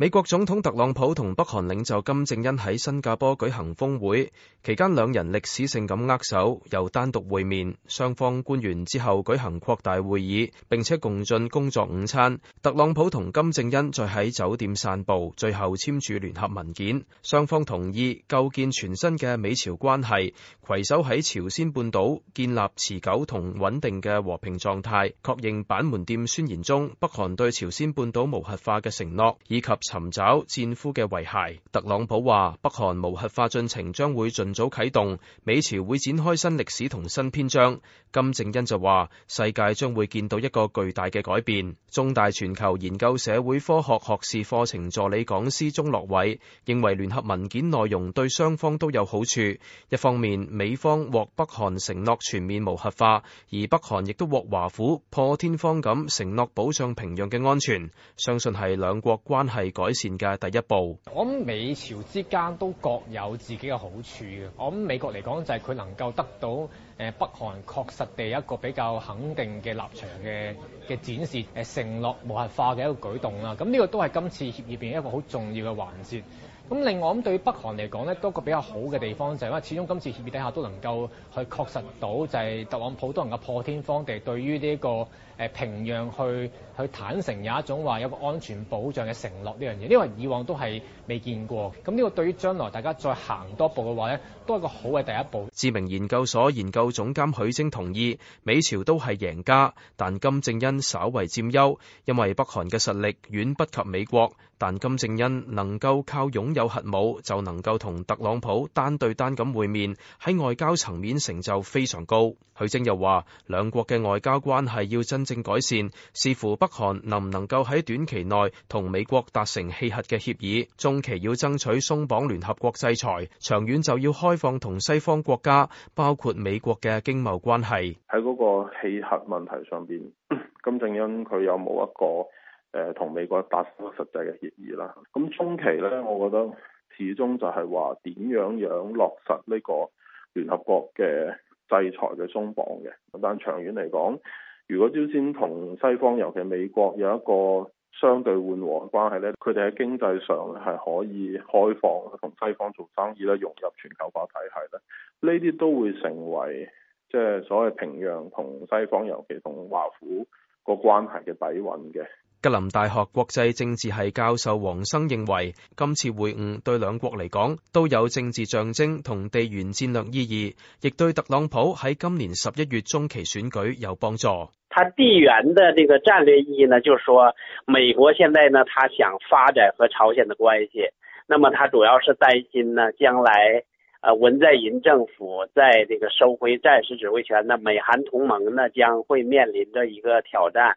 美國總統特朗普同北韓領袖金正恩喺新加坡舉行峰會期間，兩人歷史性咁握手，又單獨會面。雙方官員之後舉行擴大會議，並且共進工作午餐。特朗普同金正恩再喺酒店散步，最後簽署聯合文件。雙方同意構建全新嘅美朝關係，攜手喺朝鮮半島建立持久同穩定嘅和平狀態，確認板門店宣言中北韓對朝鮮半島無核化嘅承諾，以及。尋找戰俘嘅遺骸。特朗普話：北韓無核化進程將會盡早啟動，美朝會展開新歷史同新篇章。金正恩就話：世界將會見到一個巨大嘅改變。中大全球研究社會科學學士課程助理講師鍾樂偉認為，聯合文件內容對雙方都有好處。一方面，美方獲北韓承諾全面無核化，而北韓亦都獲華府破天荒咁承諾保障平壤嘅安全。相信係兩國關係。改善嘅第一步，我諗美朝之間都各有自己嘅好處嘅。我諗美國嚟講就係佢能夠得到誒北韓確實地一個比較肯定嘅立場嘅嘅展示，誒承諾無核化嘅一個舉動啦。咁呢個都係今次協議入邊一個好重要嘅環節。咁另外咁對於北韓嚟講呢都個比較好嘅地方就係，因為始終今次協議底下都能夠去確實到，就係特朗普都能夠破天荒地對於呢個平壤去去坦誠有一種話有個安全保障嘅承諾呢樣嘢，因為以往都係未見過。咁呢個對於將來大家再行多步嘅話呢都係個好嘅第一步。智明研究所研究總監許晶同意，美朝都係贏家，但金正恩稍為佔優，因為北韓嘅實力遠不及美國。但金正恩能夠靠擁有核武，就能夠同特朗普單對單咁會面，喺外交層面成就非常高。許楨又話，兩國嘅外交關係要真正改善，視乎北韓能唔能夠喺短期內同美國達成棄核嘅協議，中期要爭取鬆綁聯合國制裁，長遠就要開放同西方國家，包括美國嘅經貿關係，喺嗰個棄核問題上邊，金正恩佢有冇一個。誒同美國達成實際嘅協議啦。咁中期呢，我覺得始終就係話點樣樣落實呢個聯合國嘅制裁嘅鬆綁嘅。咁但長遠嚟講，如果朝鮮同西方，尤其美國有一個相對緩和嘅關係呢，佢哋喺經濟上係可以開放同西方做生意啦，融入全球化體系咧，呢啲都會成為即係所謂平壤同西方，尤其同華府個關係嘅底蘊嘅。吉林大學國際政治系教授王生認為，今次會晤對兩國嚟講都有政治象徵同地緣戰略意義，亦對特朗普喺今年十一月中期選舉有幫助。他地緣的這個戰略意義呢，就是說美國現在呢，他想發展和朝鮮的關係，那麼他主要是擔心呢，將來呃，文在寅政府在這個收回戰時指揮權呢，美韓同盟呢將會面臨着一個挑戰。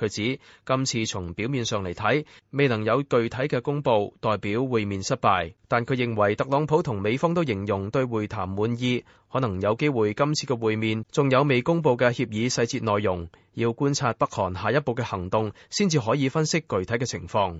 佢指，今次從表面上嚟睇，未能有具體嘅公佈，代表會面失敗。但佢認為特朗普同美方都形容對會談滿意，可能有機會今次嘅會面仲有未公佈嘅協議細節內容，要觀察北韓下一步嘅行動，先至可以分析具體嘅情況。